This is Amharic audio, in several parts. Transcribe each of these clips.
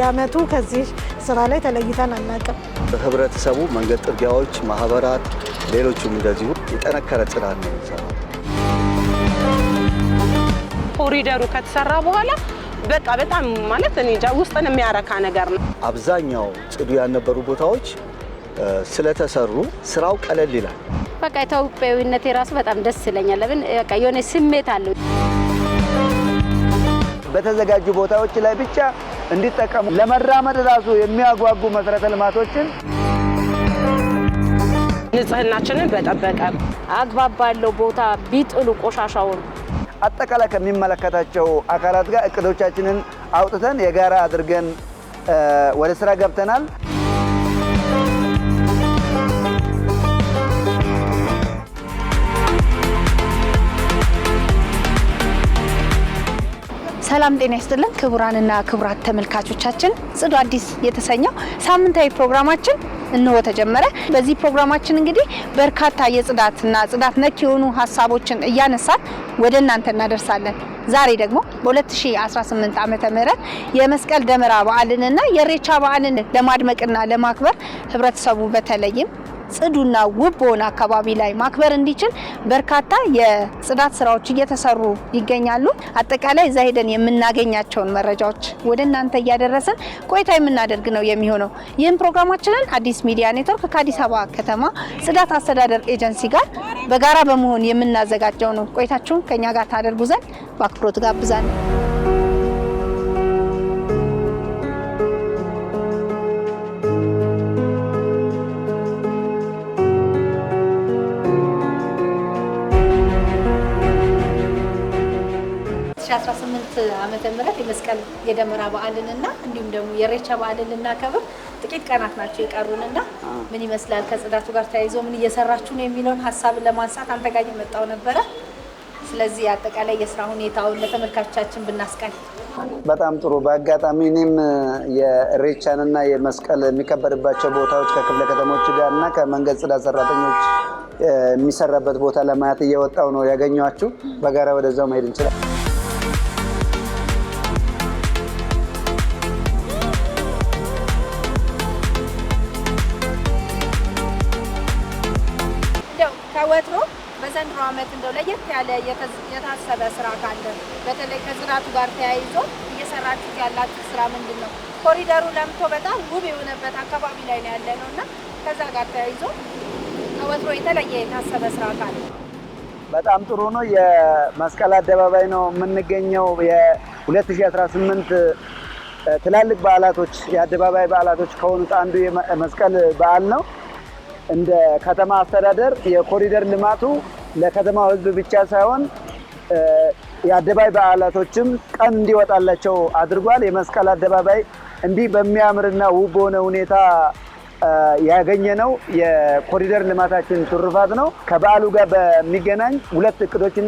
በየአመቱ ከዚህ ስራ ላይ ተለይተን አናውቅም። በህብረተሰቡ መንገድ ጥርጊያዎች፣ ማህበራት፣ ሌሎቹም እንደዚሁ የጠነከረ ጽናት ነው የሚሰራው። ኮሪደሩ ከተሰራ በኋላ በቃ በጣም ማለት እኔ እንጃ ውስጥን የሚያረካ ነገር ነው። አብዛኛው ጽዱ ያልነበሩ ቦታዎች ስለተሰሩ ስራው ቀለል ይላል። በቃ ኢትዮጵያዊነት የራሱ በጣም ደስ ይለኛል። ለምን በቃ የሆነ ስሜት አለው። በተዘጋጁ ቦታዎች ላይ ብቻ እንዲጠቀሙ ለመራመድ ራሱ የሚያጓጉ መሰረተ ልማቶችን ንጽህናችንን በጠበቀ አግባብ ባለው ቦታ ቢጥሉ ቆሻሻውን አጠቃላይ ከሚመለከታቸው አካላት ጋር እቅዶቻችንን አውጥተን የጋራ አድርገን ወደ ስራ ገብተናል። ሰላም ጤና ይስጥልን ክቡራንና ክቡራት ተመልካቾቻችን ጽዱ አዲስ የተሰኘው ሳምንታዊ ፕሮግራማችን እንሆ ተጀመረ። በዚህ ፕሮግራማችን እንግዲህ በርካታ የጽዳትና ጽዳት ነክ የሆኑ ሀሳቦችን እያነሳን ወደ እናንተ እናደርሳለን። ዛሬ ደግሞ በ2018 ዓ ም የመስቀል ደመራ በዓልንና የሬቻ በዓልን ለማድመቅና ለማክበር ህብረተሰቡ በተለይም ጽዱና ውብ በሆነ አካባቢ ላይ ማክበር እንዲችል በርካታ የጽዳት ስራዎች እየተሰሩ ይገኛሉ። አጠቃላይ እዛ ሄደን የምናገኛቸውን መረጃዎች ወደ እናንተ እያደረስን ቆይታ የምናደርግ ነው የሚሆነው። ይህም ፕሮግራማችንን አዲስ ሚዲያ ኔትወርክ ከአዲስ አበባ ከተማ ጽዳት አስተዳደር ኤጀንሲ ጋር በጋራ በመሆን የምናዘጋጀው ነው። ቆይታችሁን ከኛ ጋር ታደርጉ ዘንድ በአክብሮት ጋብዛለሁ። 2018 ዓመተ ምህረት የመስቀል የደመራ በዓልንና እንዲሁም ደግሞ የሬቻ በዓልን ልናከብር ጥቂት ቀናት ናቸው የቀሩንና ምን ይመስላል ከጽዳቱ ጋር ተያይዞ ምን እየሰራችሁ ነው የሚለውን ሀሳብን ለማንሳት አንተ ጋር የመጣው ነበረ። ስለዚህ አጠቃላይ የስራ ሁኔታውን ለተመልካቻችን ብናስቃኝ በጣም ጥሩ። በአጋጣሚ እኔም የሬቻንና የመስቀል የሚከበርባቸው ቦታዎች ከክፍለ ከተሞች ጋር እና ከመንገድ ጽዳት ሰራተኞች የሚሰራበት ቦታ ለማየት እየወጣው ነው ያገኘኋችሁ። በጋራ ወደዛው መሄድ እንችላለን። ለየት ያለ የታሰበ ስራ ካለ በተለይ ከጽዳቱ ጋር ተያይዞ እየሰራችሁት ያላችሁ ስራ ምንድን ነው? ኮሪደሩ ለምቶ በጣም ውብ የሆነበት አካባቢ ላይ ነው ያለ ነው እና ከዛ ጋር ተያይዞ ከወትሮ የተለየ የታሰበ ስራ ካለ በጣም ጥሩ ነው። የመስቀል አደባባይ ነው የምንገኘው። የ2018 ትላልቅ በዓላቶች የአደባባይ በዓላቶች ከሆኑት አንዱ የመስቀል በዓል ነው። እንደ ከተማ አስተዳደር የኮሪደር ልማቱ ለከተማው ህዝብ ብቻ ሳይሆን የአደባባይ በዓላቶችም ቀን እንዲወጣላቸው አድርጓል። የመስቀል አደባባይ እንዲህ በሚያምርና ውብ በሆነ ሁኔታ ያገኘነው የኮሪደር ልማታችን ትሩፋት ነው። ከበዓሉ ጋር በሚገናኝ ሁለት እቅዶችን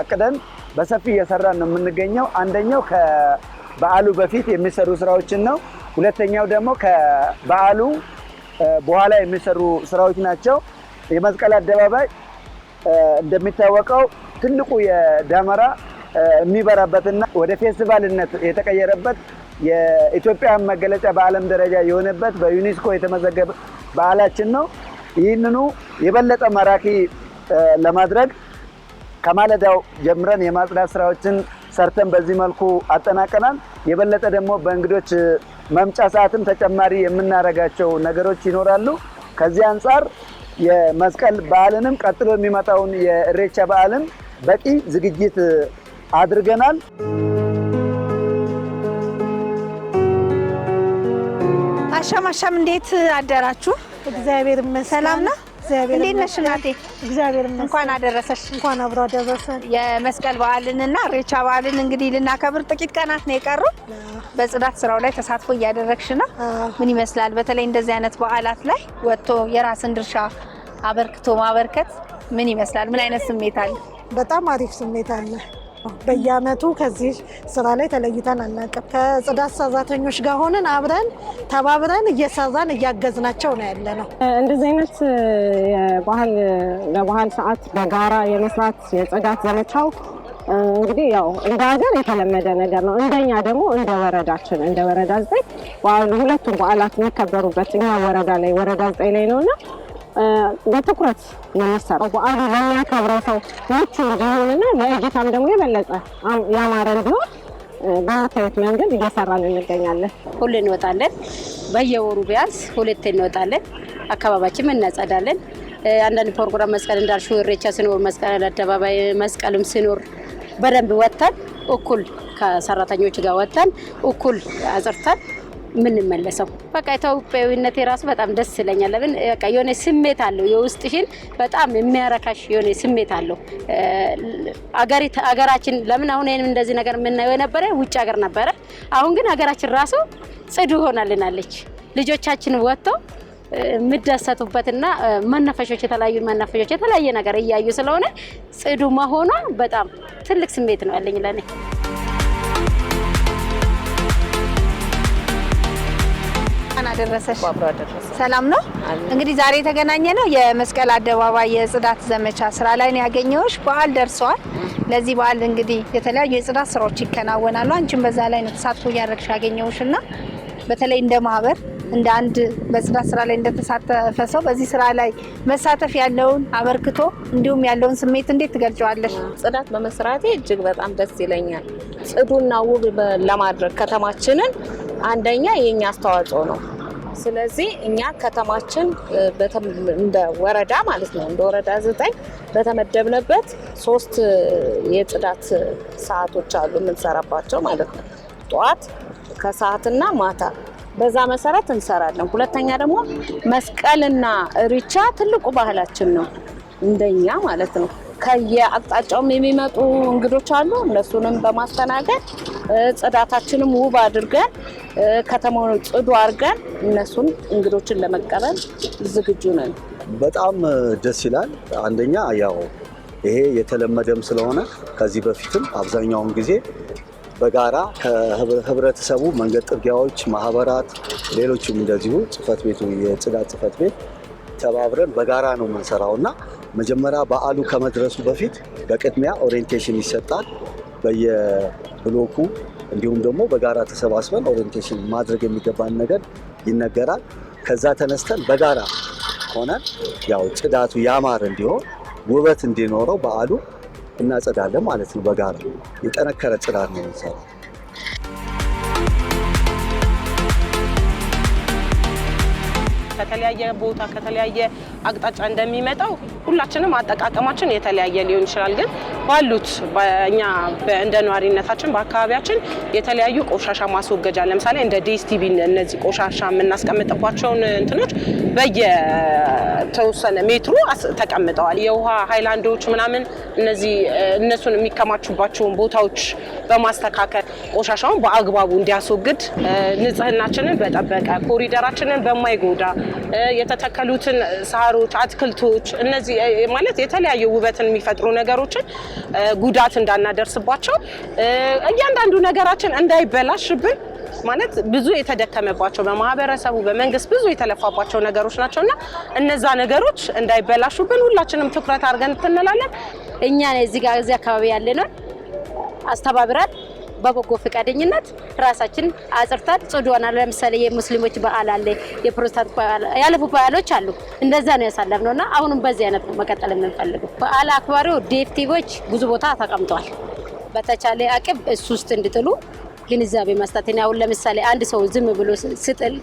አቅደን በሰፊ እየሰራን ነው የምንገኘው። አንደኛው ከበዓሉ በፊት የሚሰሩ ስራዎችን ነው። ሁለተኛው ደግሞ ከበዓሉ በኋላ የሚሰሩ ስራዎች ናቸው። የመስቀል አደባባይ እንደሚታወቀው ትልቁ የደመራ የሚበራበትና ወደ ፌስቲቫልነት የተቀየረበት የኢትዮጵያን መገለጫ በዓለም ደረጃ የሆነበት በዩኔስኮ የተመዘገበ በዓላችን ነው። ይህንኑ የበለጠ ማራኪ ለማድረግ ከማለዳው ጀምረን የማጽዳት ስራዎችን ሰርተን በዚህ መልኩ አጠናቀናል። የበለጠ ደግሞ በእንግዶች መምጫ ሰዓትም ተጨማሪ የምናደርጋቸው ነገሮች ይኖራሉ። ከዚህ አንጻር የመስቀል በዓልንም ቀጥሎ የሚመጣውን የኢሬቻ በዓልን በቂ ዝግጅት አድርገናል። አሻም አሻም፣ እንዴት አደራችሁ? እግዚአብሔር ይመስገን። ሰላም ነው። እንዴት ነሽ እናቴ? እግዚአብሔር ይመስገን። እንኳን አደረሰሽ። እንኳን አብሮ አደረሰን። የመስቀል በዓልንና ሬቻ በዓልን እንግዲህ ልናከብር ጥቂት ቀናት ነው የቀሩ። በጽዳት ስራው ላይ ተሳትፎ እያደረግሽ ነው። ምን ይመስላል? በተለይ እንደዚህ አይነት በዓላት ላይ ወጥቶ የራስን ድርሻ አበርክቶ ማበርከት ምን ይመስላል? ምን አይነት ስሜት አለ? በጣም አሪፍ ስሜት አለ። በየአመቱ ከዚህ ስራ ላይ ተለይተን አናውቅም። ከጽዳት ሰራተኞች ጋር ሆነን አብረን ተባብረን እየሰራን እያገዝናቸው ነው ያለ ነው። እንደዚህ አይነት የባህል ለባህል ሰዓት በጋራ የመስራት የጽዳት ዘመቻው እንግዲህ ያው እንደ ሀገር የተለመደ ነገር ነው። እንደኛ ደግሞ እንደ ወረዳችን እንደ ወረዳ ዘጠኝ ሁለቱም በዓላት የሚከበሩበት እኛ ወረዳ ላይ ወረዳ ዘጠኝ ላይ ነው እና በትኩረት ነው የሚሰራው። አሉ ለሚያከብረው ሰው ምቹ እንዲሆንና ለእይታም ደግሞ የበለጠ ያማረ እንዲሆን በምታዩት መንገድ እየሰራን እንገኛለን። ሁሌ እንወጣለን። በየወሩ ቢያንስ ሁለቴ እንወጣለን። አካባቢያችን እናጸዳለን። አንዳንድ ፕሮግራም መስቀል እንዳልሹ እሬቻ ሲኖር፣ መስቀል አደባባይ መስቀልም ሲኖር በደንብ ወጥተን እኩል ከሰራተኞች ጋር ወጥተን እኩል አጽርተን የምንመለሰው። በቃ ኢትዮጵያዊነት የራሱ በጣም ደስ ይለኛል። ለምን በቃ የሆነ ስሜት አለው፣ የውስጥሽን በጣም የሚያረካሽ የሆነ ስሜት አለው። አገራችን ለምን አሁን ይህንም እንደዚህ ነገር የምናየው የነበረ ውጭ ሀገር ነበረ። አሁን ግን ሀገራችን ራሱ ጽዱ ሆናልናለች። ልጆቻችን ወጥቶ የምደሰቱበትና መናፈሻዎች የተለያዩ መናፈሻዎች የተለያየ ነገር እያዩ ስለሆነ ጽዱ መሆኗ በጣም ትልቅ ስሜት ነው ያለኝ ለኔ። አደረሰሽ። ሰላም ነው። እንግዲህ ዛሬ የተገናኘ ነው የመስቀል አደባባይ የጽዳት ዘመቻ ስራ ላይ ነው ያገኘሁሽ። በዓል ደርሰዋል። ለዚህ በዓል እንግዲህ የተለያዩ የጽዳት ስራዎች ይከናወናሉ። አንቺም በዛ ላይ ነው ተሳትፎ እያደረግሽ ያገኘሁሽ እና በተለይ እንደ ማህበር እንደ አንድ በጽዳት ስራ ላይ እንደተሳተፈ ሰው በዚህ ስራ ላይ መሳተፍ ያለውን አበርክቶ እንዲሁም ያለውን ስሜት እንዴት ትገልጫዋለሽ? ጽዳት በመስራቴ እጅግ በጣም ደስ ይለኛል። ጽዱና ውብ ለማድረግ ከተማችንን አንደኛ የኛ አስተዋጽኦ ነው። ስለዚህ እኛ ከተማችን እንደ ወረዳ ማለት ነው እንደ ወረዳ ዘጠኝ በተመደብንበት ሶስት የጽዳት ሰዓቶች አሉ የምንሰራባቸው ማለት ነው። ጠዋት ከሰዓትና ማታ በዛ መሰረት እንሰራለን። ሁለተኛ ደግሞ መስቀልና እሪቻ ትልቁ ባህላችን ነው እንደኛ ማለት ነው። ከየአቅጣጫውም የሚመጡ እንግዶች አሉ። እነሱንም በማስተናገድ ጽዳታችንም ውብ አድርገን ከተማውን ጽዱ አድርገን እነሱን እንግዶችን ለመቀበል ዝግጁ ነን። በጣም ደስ ይላል። አንደኛ ያው ይሄ የተለመደም ስለሆነ ከዚህ በፊትም አብዛኛውን ጊዜ በጋራ ከህብረተሰቡ መንገድ ጥርጊያዎች፣ ማህበራት፣ ሌሎችም እንደዚሁ ጽህፈት ቤቱ የጽዳት ጽህፈት ቤት ተባብረን በጋራ ነው የምንሰራው እና መጀመሪያ በዓሉ ከመድረሱ በፊት በቅድሚያ ኦሪየንቴሽን ይሰጣል። በየብሎኩ እንዲሁም ደግሞ በጋራ ተሰባስበን ኦሪየንቴሽን ማድረግ የሚገባን ነገር ይነገራል። ከዛ ተነስተን በጋራ ሆነን ያው ጽዳቱ ያማረ እንዲሆን ውበት እንዲኖረው በዓሉ እናጸዳለን ማለት ነው። በጋራ የጠነከረ ጽዳት ነው የሚሰራው። ከተለያየ ቦታ ከተለያየ አቅጣጫ እንደሚመጣው ሁላችንም አጠቃቀማችን የተለያየ ሊሆን ይችላል። ግን ባሉት እኛ እንደ ነዋሪነታችን በአካባቢያችን የተለያዩ ቆሻሻ ማስወገጃ ለምሳሌ እንደ ዲስቲቪ እነዚህ ቆሻሻ የምናስቀምጥባቸውን እንትኖች በየተወሰነ ሜትሩ ተቀምጠዋል። የውሃ ሃይላንዶች ምናምን እነዚህ እነሱን የሚከማቹባቸውን ቦታዎች በማስተካከል ቆሻሻውን በአግባቡ እንዲያስወግድ ንጽህናችንን በጠበቀ ኮሪደራችንን በማይጎዳ የተተከሉትን ሳሮች፣ አትክልቶች እነዚህ ማለት የተለያዩ ውበትን የሚፈጥሩ ነገሮችን ጉዳት እንዳናደርስባቸው እያንዳንዱ ነገራችን እንዳይበላሽብን ማለት ብዙ የተደከመባቸው በማህበረሰቡ በመንግስት ብዙ የተለፋባቸው ነገሮች ናቸው እና እነዛ ነገሮች እንዳይበላሹብን ሁላችንም ትኩረት አድርገን እንትንላለን። እኛ እዚህ ጋር እዚህ አካባቢ ያለነው አስተባብራል በበጎ ፈቃደኝነት ራሳችን አጽርታን ጽዱዋና ለምሳሌ የሙስሊሞች በዓል አለ፣ የፕሮቴስታንት ያለፉ በዓሎች አሉ። እንደዛ ነው ያሳለፍነው እና አሁንም በዚህ አይነት መቀጠል የምንፈልገው በዓል አክባሪው ዴፍቲቮች ብዙ ቦታ ተቀምጠዋል። በተቻለ አቅም እሱ ውስጥ እንድጥሉ ግንዛቤ መስጠት። እኔ አሁን ለምሳሌ አንድ ሰው ዝም ብሎ ስጥል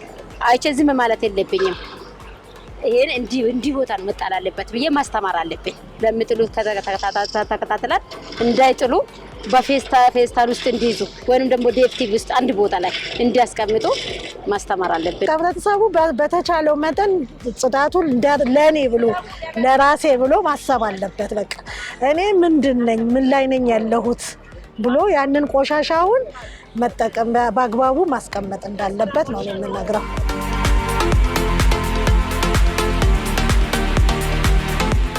አይቼ ዝም ማለት የለብኝም። ይህን እንዲህ ቦታ ነው መጣል አለበት ብዬ ማስተማር አለብኝ። ለምጥሉ ተከታትላል እንዳይጥሉ በፌስታ ፌስታል ውስጥ እንዲይዙ ወይም ደግሞ ዴፍቲቭ ውስጥ አንድ ቦታ ላይ እንዲያስቀምጡ ማስተማር አለብን። ህብረተሰቡ በተቻለው መጠን ጽዳቱን ለእኔ ብሎ ለራሴ ብሎ ማሰብ አለበት። በቃ እኔ ምንድን ነኝ ምን ላይ ነኝ ያለሁት ብሎ ያንን ቆሻሻውን መጠቀም በአግባቡ ማስቀመጥ እንዳለበት ነው የምነግረው።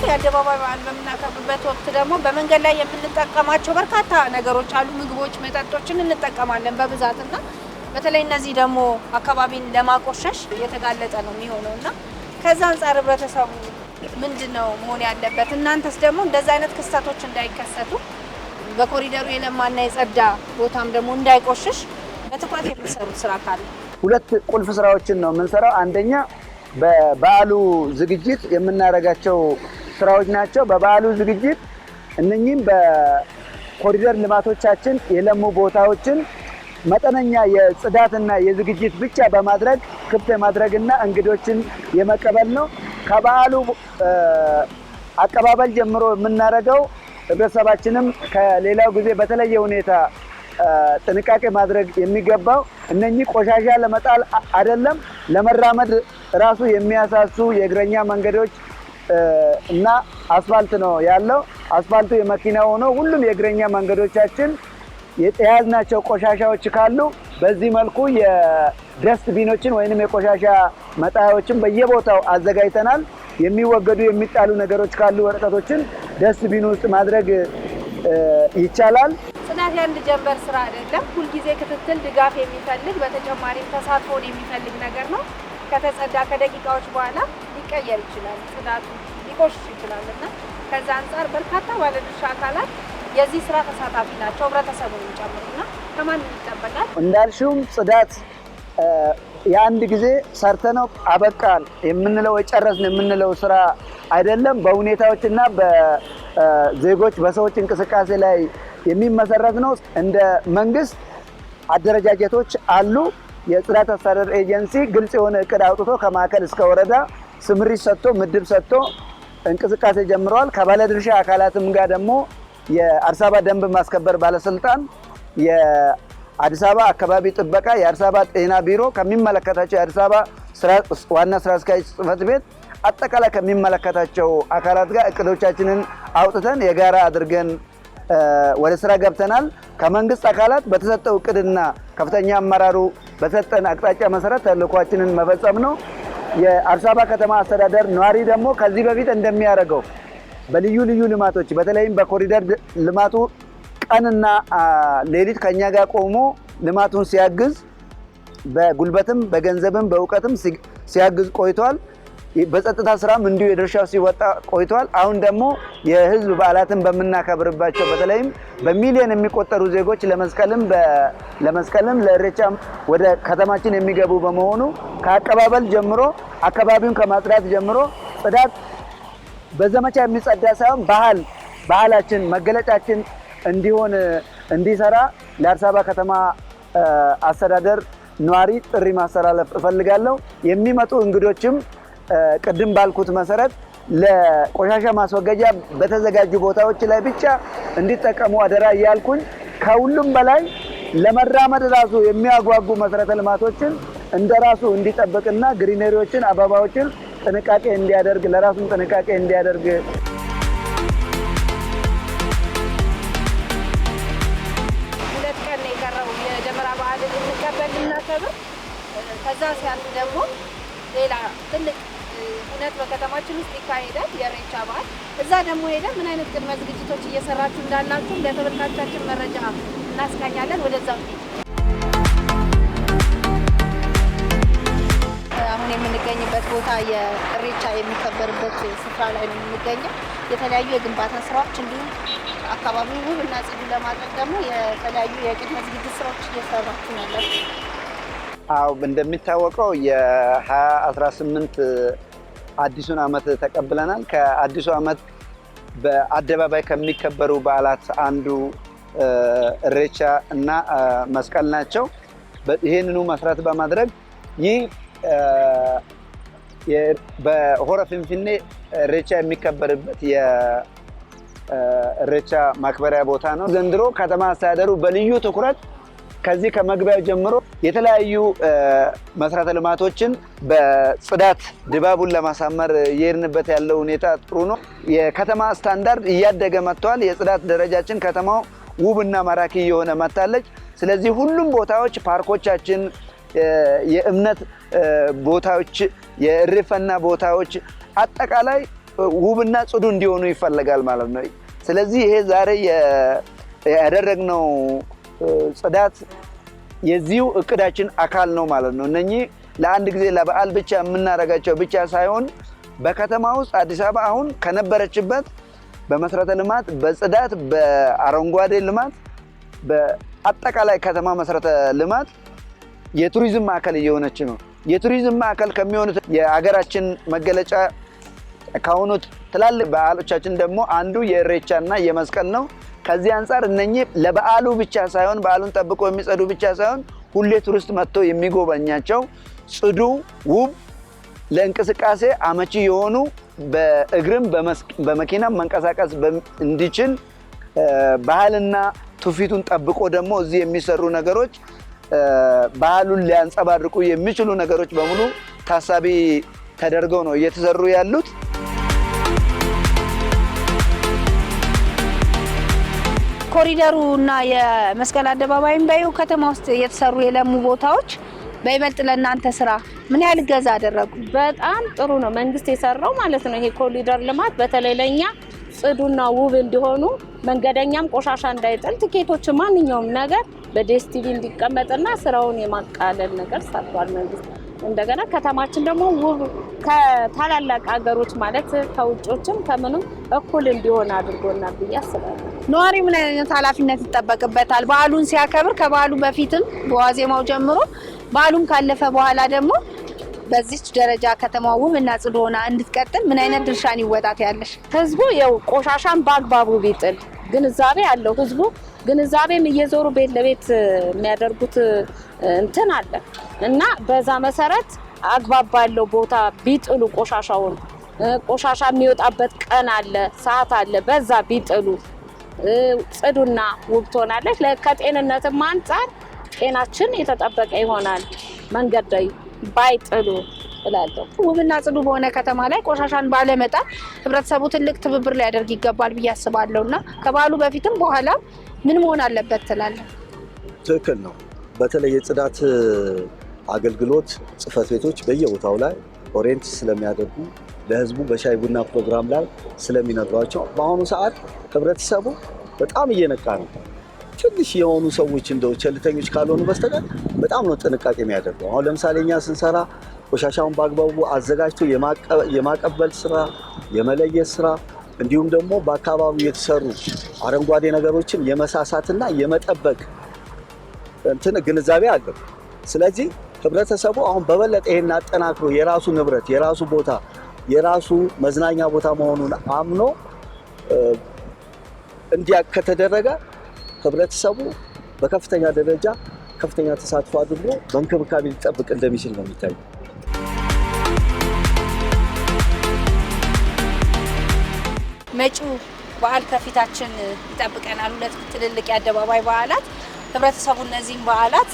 የአደባባይ በዓል በምናከብበት ወቅት ደግሞ በመንገድ ላይ የምንጠቀማቸው በርካታ ነገሮች አሉ። ምግቦች፣ መጠጦችን እንጠቀማለን እና በተለይ እነዚህ ደግሞ አካባቢን ለማቆሸሽ የተጋለጠ ነው የሚሆነው እና ከዛ አንጻር ህብረተሰቡ ምንድን ነው መሆን ያለበት? እናንተስ ደግሞ እንደዚህ አይነት ክስተቶች እንዳይከሰቱ በኮሪደሩ የለማና የጸዳ ቦታም ደግሞ እንዳይቆሽሽ በትኩረት የምትሰሩት ስራ ካለ ሁለት ቁልፍ ስራዎችን ነው የምንሰራው። አንደኛ በበዓሉ ዝግጅት የምናደርጋቸው ስራዎች ናቸው። በበዓሉ ዝግጅት እነኚህም በኮሪደር ልማቶቻችን የለሙ ቦታዎችን መጠነኛ የጽዳትና የዝግጅት ብቻ በማድረግ ክፍት የማድረግና እንግዶችን የመቀበል ነው። ከበዓሉ አቀባበል ጀምሮ የምናደርገው ህብረተሰባችንም ከሌላው ጊዜ በተለየ ሁኔታ ጥንቃቄ ማድረግ የሚገባው እነኚህ ቆሻሻ ለመጣል አይደለም፣ ለመራመድ ራሱ የሚያሳሱ የእግረኛ መንገዶች እና አስፋልት ነው ያለው። አስፋልቱ የመኪና ሆኖ ሁሉም የእግረኛ መንገዶቻችን የያዝናቸው ቆሻሻዎች ካሉ በዚህ መልኩ የደስት ቢኖችን ወይንም የቆሻሻ መጣያዎችን በየቦታው አዘጋጅተናል። የሚወገዱ የሚጣሉ ነገሮች ካሉ ወረቀቶችን ቢን ውስጥ ማድረግ ይቻላል። ጽዳት የአንድ ጀንበር ስራ አይደለም። ሁልጊዜ ክትትል፣ ድጋፍ የሚፈልግ በተጨማሪም ተሳትፎን የሚፈልግ ነገር ነው። ከተጸዳ ከደቂቃዎች በኋላ ሊቀየር ይችላል፣ ጽዳቱ ሊቆሽሽ ይችላል እና ከዛ አንጻር በርካታ ባለድርሻ አካላት የዚህ ስራ ተሳታፊ ናቸው፣ ህብረተሰቡን ጨምሩና ከማንም ይጠበቃል እንዳልሽውም ጽዳት የአንድ ጊዜ ሰርተነው አበቃል የምንለው የጨረስን የምንለው ስራ አይደለም። በሁኔታዎችና በዜጎች በሰዎች እንቅስቃሴ ላይ የሚመሰረት ነው። እንደ መንግስት አደረጃጀቶች አሉ። የጽዳት አስተዳደር ኤጀንሲ ግልጽ የሆነ እቅድ አውጥቶ ከማዕከል እስከ ወረዳ ስምሪት ሰጥቶ ምድብ ሰጥቶ እንቅስቃሴ ጀምረዋል። ከባለድርሻ አካላትም ጋር ደግሞ የአዲስ አበባ ደንብ ማስከበር ባለስልጣን አዲስ አበባ አካባቢ ጥበቃ የአዲስ አበባ ጤና ቢሮ ከሚመለከታቸው የአዲስ አበባ ዋና ስራ አስኪያጅ ጽህፈት ቤት አጠቃላይ ከሚመለከታቸው አካላት ጋር እቅዶቻችንን አውጥተን የጋራ አድርገን ወደ ስራ ገብተናል። ከመንግስት አካላት በተሰጠው እቅድና ከፍተኛ አመራሩ በተሰጠን አቅጣጫ መሰረት ተልኳችንን መፈጸም ነው። የአዲስ አበባ ከተማ አስተዳደር ነዋሪ ደግሞ ከዚህ በፊት እንደሚያደርገው በልዩ ልዩ ልማቶች በተለይም በኮሪደር ልማቱ ቀንና ሌሊት ከኛ ጋር ቆሞ ልማቱን ሲያግዝ በጉልበትም በገንዘብም በእውቀትም ሲያግዝ ቆይቷል። በጸጥታ ስራም እንዲሁ የድርሻው ሲወጣ ቆይቷል። አሁን ደግሞ የህዝብ በዓላትን በምናከብርባቸው በተለይም በሚሊዮን የሚቆጠሩ ዜጎች ለመስቀልም ለመስቀልም ለእሬቻም ወደ ከተማችን የሚገቡ በመሆኑ ከአቀባበል ጀምሮ አካባቢውን ከማጽዳት ጀምሮ ጽዳት በዘመቻ የሚጸዳ ሳይሆን ባህል ባህላችን መገለጫችን እንዲሆን እንዲሰራ ለአዲስ አበባ ከተማ አስተዳደር ነዋሪ ጥሪ ማስተላለፍ እፈልጋለሁ። የሚመጡ እንግዶችም ቅድም ባልኩት መሰረት ለቆሻሻ ማስወገጃ በተዘጋጁ ቦታዎች ላይ ብቻ እንዲጠቀሙ አደራ እያልኩኝ ከሁሉም በላይ ለመራመድ ራሱ የሚያጓጉ መሰረተ ልማቶችን እንደ ራሱ እንዲጠብቅና ግሪነሪዎችን፣ አበባዎችን ጥንቃቄ እንዲያደርግ ለራሱም ጥንቃቄ እንዲያደርግ ብር ከዛ ሲያልፍ ደግሞ ሌላ ትልቅ እውነት በከተማችን ውስጥ ይካሄዳል የሬቻ በዓል። እዛ ደግሞ ሄደን ምን አይነት ቅድመ ዝግጅቶች እየሰራችሁ እንዳላችሁ ለተመልካቻችን መረጃ እናስቃኛለን። ወደዛ አሁን የምንገኝበት ቦታ የሬቻ የሚከበርበት ስፍራ ላይ ነው የምንገኘው። የተለያዩ የግንባታ ስራዎች እንዲሁም አካባቢ ውብ እና ጽዱ ለማድረግ ደግሞ የተለያዩ የቅድመ ዝግጅት ስራዎች እየሰራችሁ ነው ያላችሁ አዎ እንደሚታወቀው የ2018 አዲሱን ዓመት ተቀብለናል። ከአዲሱ ዓመት በአደባባይ ከሚከበሩ በዓላት አንዱ እሬቻ እና መስቀል ናቸው። ይህንኑ መስራት በማድረግ ይህ በሆረ ፊንፊኔ እሬቻ የሚከበርበት የእሬቻ ማክበሪያ ቦታ ነው። ዘንድሮ ከተማ አስተዳደሩ በልዩ ትኩረት ከዚህ ከመግቢያው ጀምሮ የተለያዩ መሰረተ ልማቶችን በጽዳት ድባቡን ለማሳመር እየሄድንበት ያለው ሁኔታ ጥሩ ነው። የከተማ ስታንዳርድ እያደገ መጥተዋል። የጽዳት ደረጃችን ከተማው ውብና ማራኪ እየሆነ መጥታለች። ስለዚህ ሁሉም ቦታዎች ፓርኮቻችን፣ የእምነት ቦታዎች፣ የእርፈና ቦታዎች አጠቃላይ ውብና ጽዱ እንዲሆኑ ይፈለጋል ማለት ነው። ስለዚህ ይሄ ዛሬ ያደረግነው ጽዳት የዚሁ እቅዳችን አካል ነው ማለት ነው። እነኚህ ለአንድ ጊዜ ለበዓል ብቻ የምናደርጋቸው ብቻ ሳይሆን በከተማ ውስጥ አዲስ አበባ አሁን ከነበረችበት በመሰረተ ልማት፣ በጽዳት፣ በአረንጓዴ ልማት፣ በአጠቃላይ ከተማ መሰረተ ልማት የቱሪዝም ማዕከል እየሆነች ነው። የቱሪዝም ማዕከል ከሚሆኑት የሀገራችን መገለጫ ከሆኑት ትላልቅ በዓሎቻችን ደግሞ አንዱ የእሬቻና የመስቀል ነው። ከዚህ አንጻር እነኚህ ለበዓሉ ብቻ ሳይሆን በዓሉን ጠብቆ የሚጸዱ ብቻ ሳይሆን ሁሌ ቱሪስት መጥቶ የሚጎበኛቸው ጽዱ፣ ውብ፣ ለእንቅስቃሴ አመቺ የሆኑ በእግርም በመኪናም መንቀሳቀስ እንዲችል ባህልና ትውፊቱን ጠብቆ ደግሞ እዚህ የሚሰሩ ነገሮች ባህሉን ሊያንጸባርቁ የሚችሉ ነገሮች በሙሉ ታሳቢ ተደርገው ነው እየተሰሩ ያሉት። የኮሪደሩ እና የመስቀል አደባባይም በይሁ ከተማ ውስጥ የተሰሩ የለሙ ቦታዎች በይበልጥ ለእናንተ ስራ ምን ያህል እገዛ አደረጉ? በጣም ጥሩ ነው መንግስት የሰራው ማለት ነው። ይሄ ኮሪደር ልማት በተለይ ለእኛ ጽዱና ውብ እንዲሆኑ መንገደኛም ቆሻሻ እንዳይጥል፣ ትኬቶች፣ ማንኛውም ነገር በዴስቲቪ እንዲቀመጥና ስራውን የማቃለል ነገር ሰርቷል መንግስት። እንደገና ከተማችን ደግሞ ውብ ከታላላቅ ሀገሮች ማለት ከውጮችም ከምንም እኩል እንዲሆን አድርጎናል ብዬ አስባለሁ። ነዋሪ ምን አይነት ኃላፊነት ይጠበቅበታል? በዓሉን ሲያከብር ከበዓሉ በፊትም በዋዜማው ጀምሮ በዓሉም ካለፈ በኋላ ደግሞ በዚች ደረጃ ከተማ ውብ እና ጽዱ ሆና እንድትቀጥል ምን አይነት ድርሻን ይወጣት ያለሽ? ህዝቡ የው ቆሻሻን በአግባቡ ቢጥል ግንዛቤ አለው ህዝቡ። ግንዛቤም እየዞሩ ቤት ለቤት የሚያደርጉት እንትን አለ እና በዛ መሰረት አግባብ ባለው ቦታ ቢጥሉ ቆሻሻውን ቆሻሻ የሚወጣበት ቀን አለ፣ ሰዓት አለ። በዛ ቢጥሉ ጽዱና ውብ ትሆናለች። ከጤንነትም አንጻር ጤናችን የተጠበቀ ይሆናል። መንገድ ላይ ባይጥሉ እላለሁ። ውብና ጽዱ በሆነ ከተማ ላይ ቆሻሻን ባለመጣል ህብረተሰቡ ትልቅ ትብብር ሊያደርግ ይገባል ብዬ አስባለሁ እና ከበዓሉ በፊትም በኋላ ምን መሆን አለበት ትላለህ? ትክክል ነው። በተለይ የጽዳት አገልግሎት ጽህፈት ቤቶች በየቦታው ላይ ኦሬንት ስለሚያደርጉ ለህዝቡ በሻይ ቡና ፕሮግራም ላይ ስለሚነግሯቸው በአሁኑ ሰዓት ህብረተሰቡ በጣም እየነቃ ነው። ትንሽ የሆኑ ሰዎች እንደው ቸልተኞች ካልሆኑ በስተቀር በጣም ነው ጥንቃቄ የሚያደርገው። አሁን ለምሳሌ እኛ ስንሰራ ቆሻሻውን በአግባቡ አዘጋጅቶ የማቀበል ስራ፣ የመለየት ስራ እንዲሁም ደግሞ በአካባቢው የተሰሩ አረንጓዴ ነገሮችን የመሳሳትና የመጠበቅ እንትን ግንዛቤ አለው። ስለዚህ ህብረተሰቡ አሁን በበለጠ ይሄን አጠናክሮ የራሱ ንብረት፣ የራሱ ቦታ፣ የራሱ መዝናኛ ቦታ መሆኑን አምኖ እንዲያ ከተደረገ ህብረተሰቡ በከፍተኛ ደረጃ ከፍተኛ ተሳትፎ አድርጎ በእንክብካቤ ሊጠብቅ እንደሚችል ነው የሚታየው። መጪው በዓል ከፊታችን ይጠብቀናል። ሁለት ትልልቅ የአደባባይ በዓላት ህብረተሰቡ እነዚህም በዓላት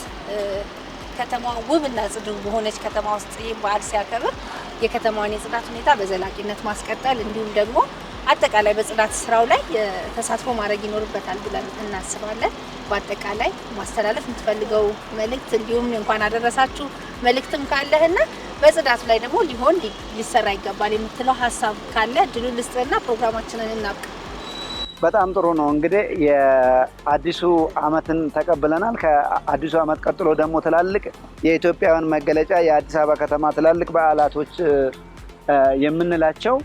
ከተማ ውብ እና ጽዱ በሆነች ከተማ ውስጥ ይህም በዓል ሲያከብር የከተማዋን የጽዳት ሁኔታ በዘላቂነት ማስቀጠል እንዲሁም ደግሞ አጠቃላይ በጽዳት ስራው ላይ ተሳትፎ ማድረግ ይኖርበታል ብለን እናስባለን። በአጠቃላይ ማስተላለፍ የምትፈልገው መልእክት እንዲሁም እንኳን አደረሳችሁ መልእክትም ካለህና በጽዳቱ ላይ ደግሞ ሊሆን ሊሰራ ይገባል የምትለው ሀሳብ ካለ ድሉ ልስጥና ፕሮግራማችንን እናብቅ። በጣም ጥሩ ነው። እንግዲህ የአዲሱ ዓመትን ተቀብለናል። ከአዲሱ ዓመት ቀጥሎ ደግሞ ትላልቅ የኢትዮጵያውያን መገለጫ የአዲስ አበባ ከተማ ትላልቅ በዓላቶች የምንላቸው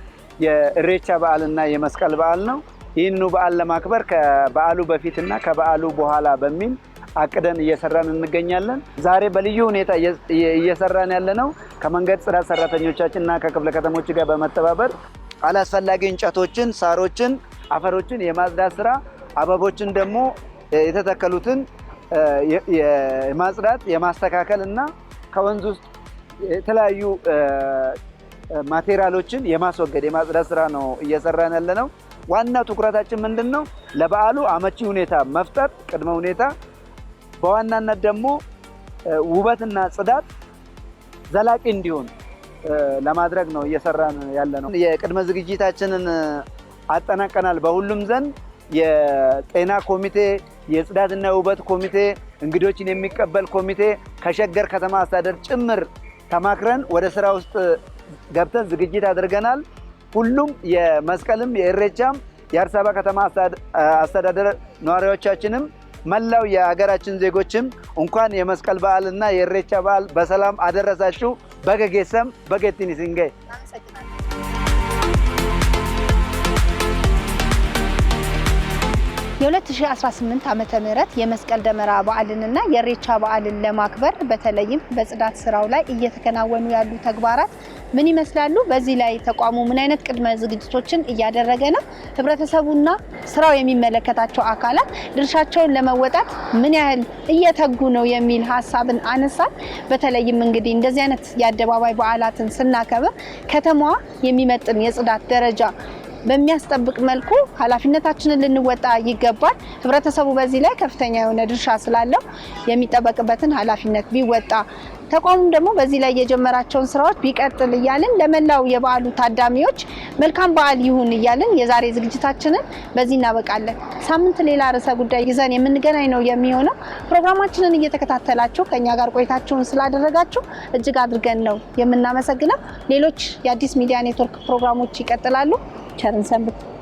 የእሬቻ በዓልና የመስቀል በዓል ነው። ይህንኑ በዓል ለማክበር ከበዓሉ በፊትና ከበዓሉ በኋላ በሚል አቅደን እየሰራን እንገኛለን። ዛሬ በልዩ ሁኔታ እየሰራን ያለ ነው ከመንገድ ጽዳት ሰራተኞቻችን እና ከክፍለ ከተሞች ጋር በመተባበር አላስፈላጊ እንጨቶችን፣ ሳሮችን፣ አፈሮችን የማጽዳት ስራ አበቦችን ደግሞ የተተከሉትን የማጽዳት የማስተካከል እና ከወንዝ ውስጥ የተለያዩ ማቴሪያሎችን የማስወገድ የማጽዳት ስራ ነው እየሰራን ያለ ነው። ዋናው ትኩረታችን ምንድን ነው? ለበዓሉ አመቺ ሁኔታ መፍጠር ቅድመ ሁኔታ፣ በዋናነት ደግሞ ውበትና ጽዳት ዘላቂ እንዲሆን ለማድረግ ነው እየሰራን ያለ ነው። የቅድመ ዝግጅታችንን አጠናቀናል። በሁሉም ዘንድ የጤና ኮሚቴ፣ የጽዳትና የውበት ኮሚቴ፣ እንግዶችን የሚቀበል ኮሚቴ ከሸገር ከተማ አስተዳደር ጭምር ተማክረን ወደ ስራ ውስጥ ገብተን ዝግጅት አድርገናል። ሁሉም የመስቀልም የእሬቻም የአዲስ አበባ ከተማ አስተዳደር ነዋሪዎቻችንም መላው የሀገራችን ዜጎችም እንኳን የመስቀል በዓልና የእሬቻ በዓል በሰላም አደረሳችሁ። በገጌሰም አመሰግናለሁ። የ2018 ዓመተ ምህረት የመስቀል ደመራ በዓልንና የሬቻ በዓልን ለማክበር በተለይም በጽዳት ስራው ላይ እየተከናወኑ ያሉ ተግባራት ምን ይመስላሉ? በዚህ ላይ ተቋሙ ምን አይነት ቅድመ ዝግጅቶችን እያደረገ ነው? ህብረተሰቡና ስራው የሚመለከታቸው አካላት ድርሻቸውን ለመወጣት ምን ያህል እየተጉ ነው የሚል ሀሳብን አነሳል። በተለይም እንግዲህ እንደዚህ አይነት የአደባባይ በዓላትን ስናከብር ከተማዋ የሚመጥን የጽዳት ደረጃ በሚያስጠብቅ መልኩ ኃላፊነታችንን ልንወጣ ይገባል። ህብረተሰቡ በዚህ ላይ ከፍተኛ የሆነ ድርሻ ስላለው የሚጠበቅበትን ኃላፊነት ቢወጣ ተቋሙም ደግሞ በዚህ ላይ የጀመራቸውን ስራዎች ቢቀጥል እያልን ለመላው የበዓሉ ታዳሚዎች መልካም በዓል ይሁን እያልን የዛሬ ዝግጅታችንን በዚህ እናበቃለን። ሳምንት ሌላ ርዕሰ ጉዳይ ይዘን የምንገናኝ ነው የሚሆነው። ፕሮግራማችንን እየተከታተላችሁ ከኛ ጋር ቆይታችሁን ስላደረጋችሁ እጅግ አድርገን ነው የምናመሰግነው። ሌሎች የአዲስ ሚዲያ ኔትወርክ ፕሮግራሞች ይቀጥላሉ። Chat and Samba.